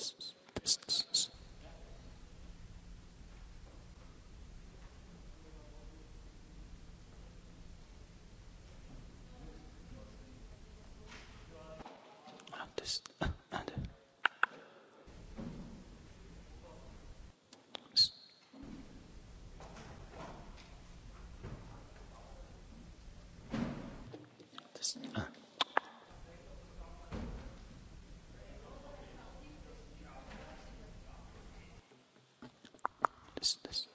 services. this, this.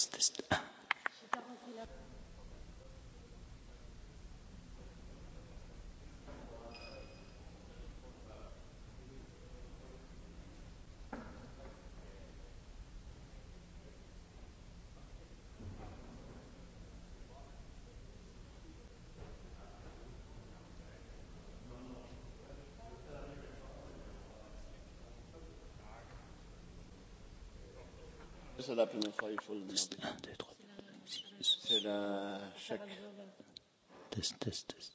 astăzi. C'est la première fois, il faut le demander. C'est la chèque. Test, test, test.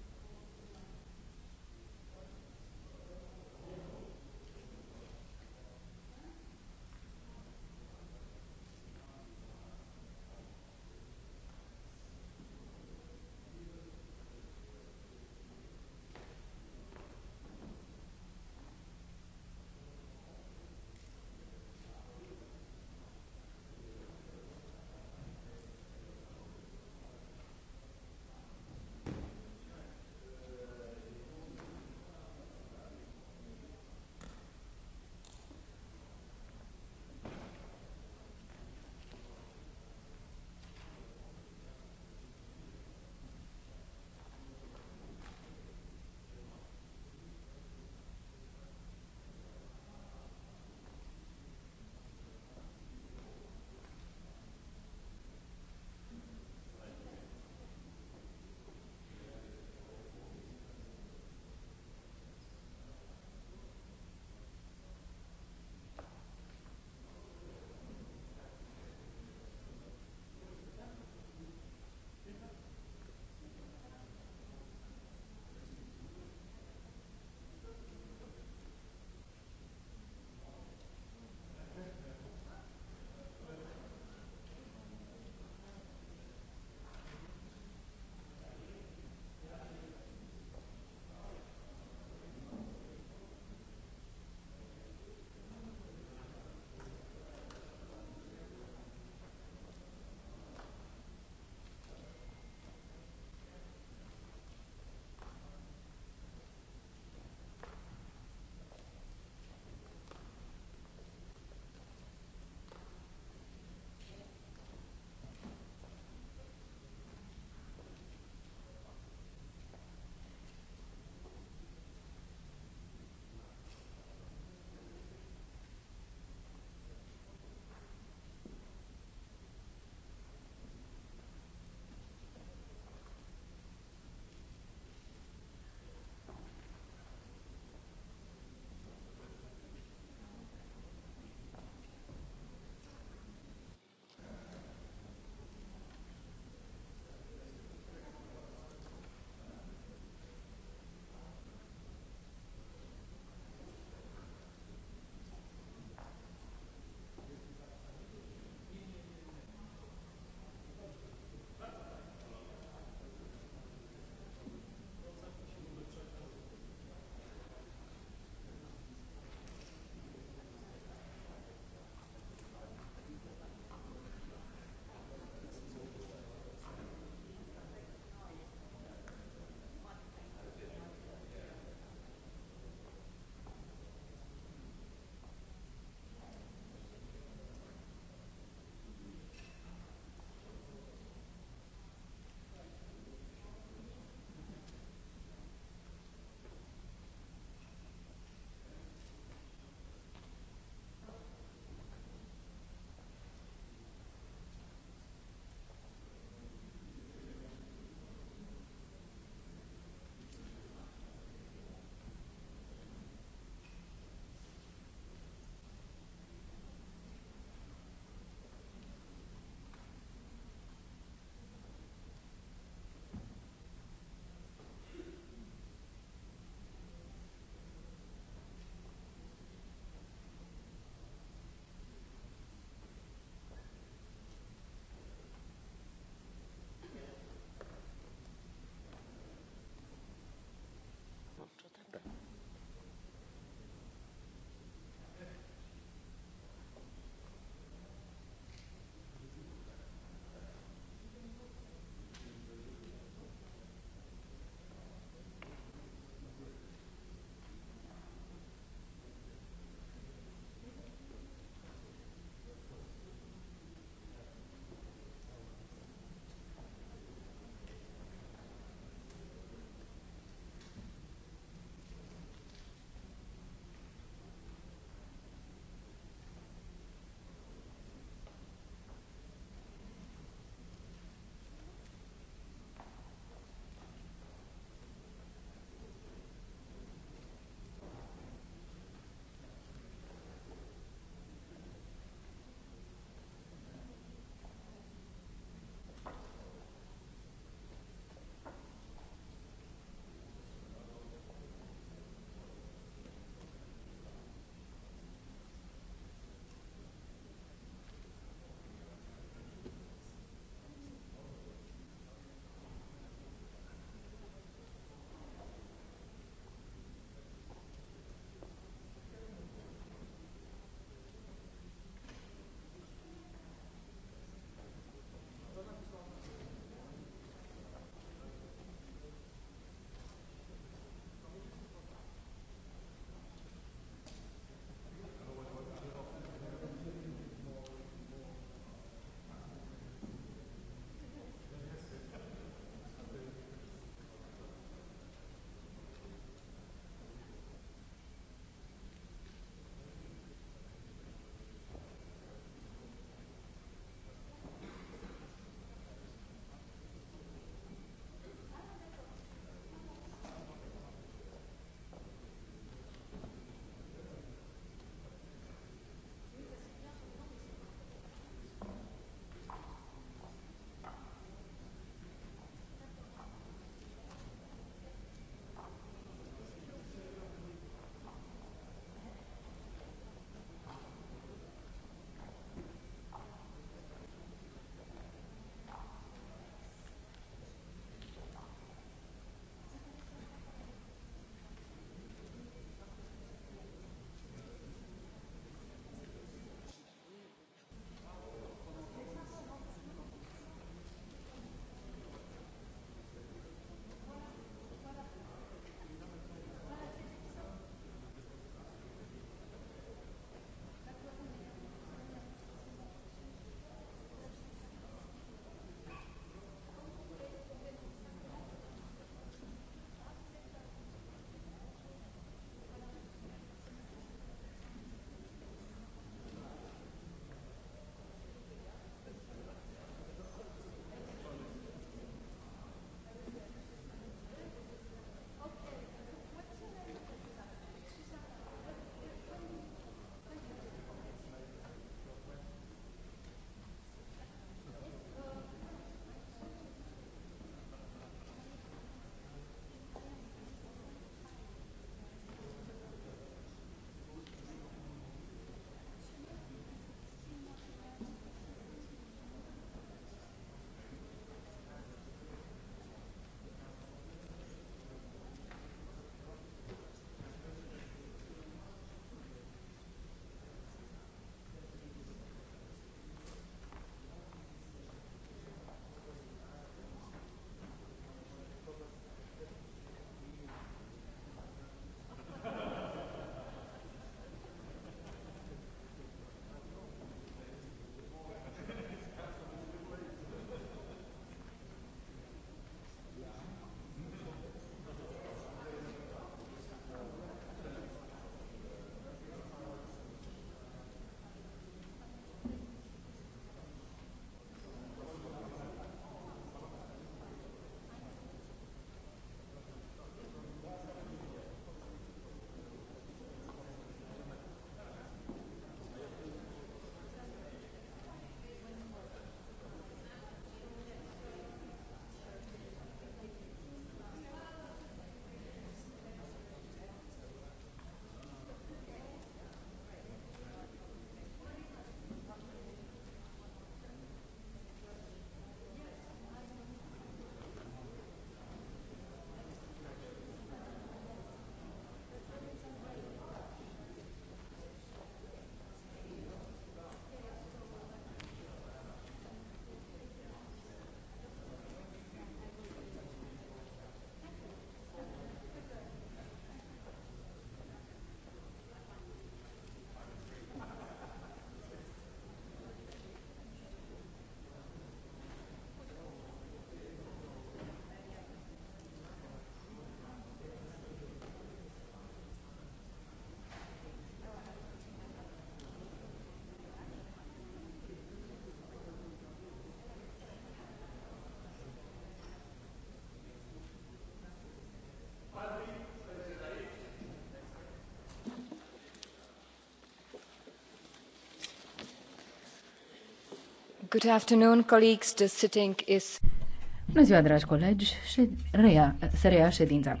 Bună ziua, dragi colegi, și reia, se reia ședința.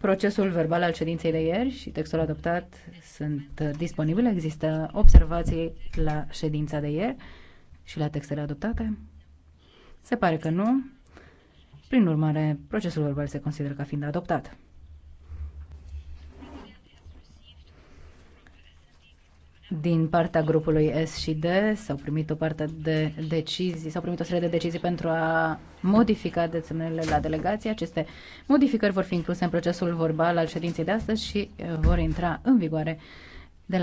Procesul verbal al ședinței de ieri și textul adoptat sunt disponibile. Există observații la ședința de ieri și la textele adoptate? Se pare că nu. Prin urmare, procesul verbal se consideră ca fiind adoptat. din partea grupului S și D s-au primit o parte de decizii, s-au primit o serie de decizii pentru a modifica desemnele la delegație. Aceste modificări vor fi incluse în procesul verbal al ședinței de astăzi și uh, vor intra în vigoare